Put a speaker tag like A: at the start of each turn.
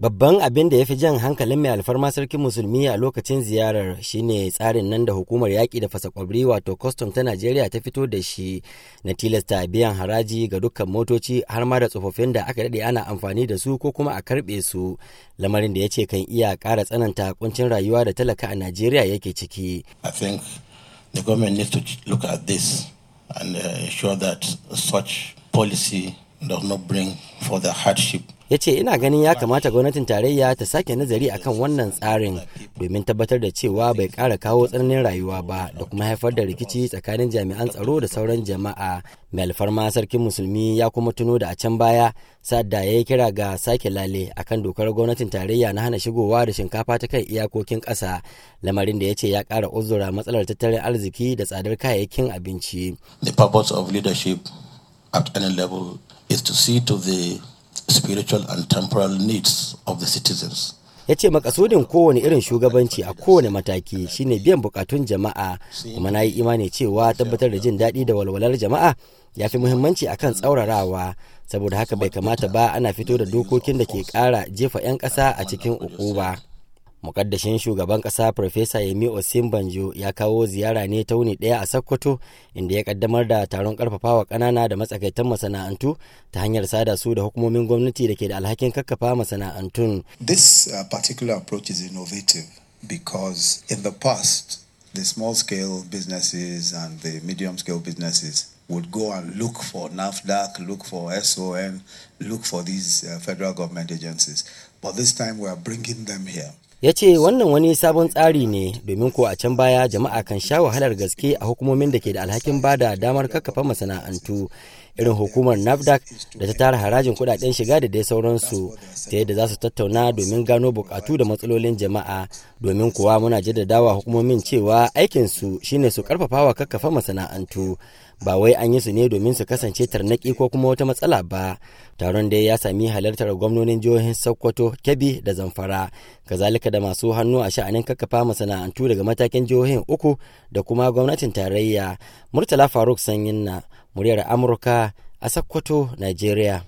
A: Babban abin da ya fi jan hankalin mai alfarma sarkin musulmi a lokacin ziyarar shine tsarin nan da hukumar yaƙi da fasa kwabri wato custom ta Najeriya ta fito da shi na tilasta biyan haraji ga dukkan motoci har ma da tsofaffin da aka daɗe ana amfani da su ko kuma a karɓe su lamarin da ya ce kan iya ƙara tsananta kuncin rayuwa da talaka a Najeriya yake ciki.
B: I the government needs to look at this and uh, that such policy does not bring further hardship
A: ya ce ina ganin ya kamata gwamnatin tarayya ta sake nazari akan wannan tsarin domin tabbatar da cewa bai kara kawo tsananin rayuwa ba da kuma haifar da rikici tsakanin jami'an tsaro da sauran jama'a mai alfarma sarkin musulmi ya kuma tuno da a can baya sadda ya yi kira ga sake lale akan dokar gwamnatin tarayya na hana shigowa da shinkafa ta kan iyakokin ƙasa lamarin da ya ce ya kara uzura matsalar tattalin arziki da tsadar kayayyakin abinci.
B: The purpose of leadership at any level is to see to the spiritual and temporal needs
A: of the citizens. ya ce makasudin kowane irin shugabanci a kowane mataki shine biyan bukatun jama'a kuma na yi imani cewa tabbatar da jin daɗi da walwalar jama'a ya fi muhimmanci a kan tsaurarawa saboda haka bai kamata ba ana fito da dokokin da ke ƙara jefa 'yan ƙasa a cikin ba mukaddashin shugaban kasa yemi ya kawo ziyara ne daya a sokoto inda ya kaddamar da taron karfafawa kanana da matsakaitan masana'antu ta hanyar sada su da hukumomin gwamnati da ke da alhakin kakkafa masana'antun
C: this uh, particular approach is innovative because in the past the small scale businesses and the medium scale businesses would go and look for NAFDAC, look for SOM, look for these uh, federal government agencies. But this time we are bringing them here.
A: ya ce wannan wani sabon tsari ne domin ko a can baya jama'a kan sha wahalar gaske a hukumomin da ke da alhakin bada damar kakkafa masana'antu irin hukumar nafdac da ta tara harajin kudaden shiga da dai sauransu ta yadda za su tattauna domin gano bukatu da matsalolin jama'a domin kuwa muna jaddadawa hukumomin cewa aikinsu shine su karfafa wa kakkafa masana'antu ba wai an yi su ne domin su kasance tarnaki ko kuma wata matsala ba taron dai ya sami halartar gwamnonin jihohin sokoto kebbi da zamfara kazalika da masu hannu a sha'anin kakkafa masana'antu daga matakin jihohin uku da kuma gwamnatin tarayya murtala faruk sanyin na muryar amurka a sakkwato nigeria